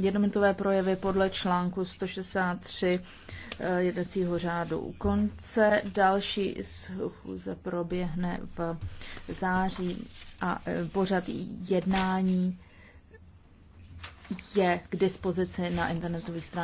jednominutové projevy podle článku 163 eh, jednacího řádu u konce. Další schůze proběhne v září a eh, pořad jednání je k dispozici na internetových stránkách.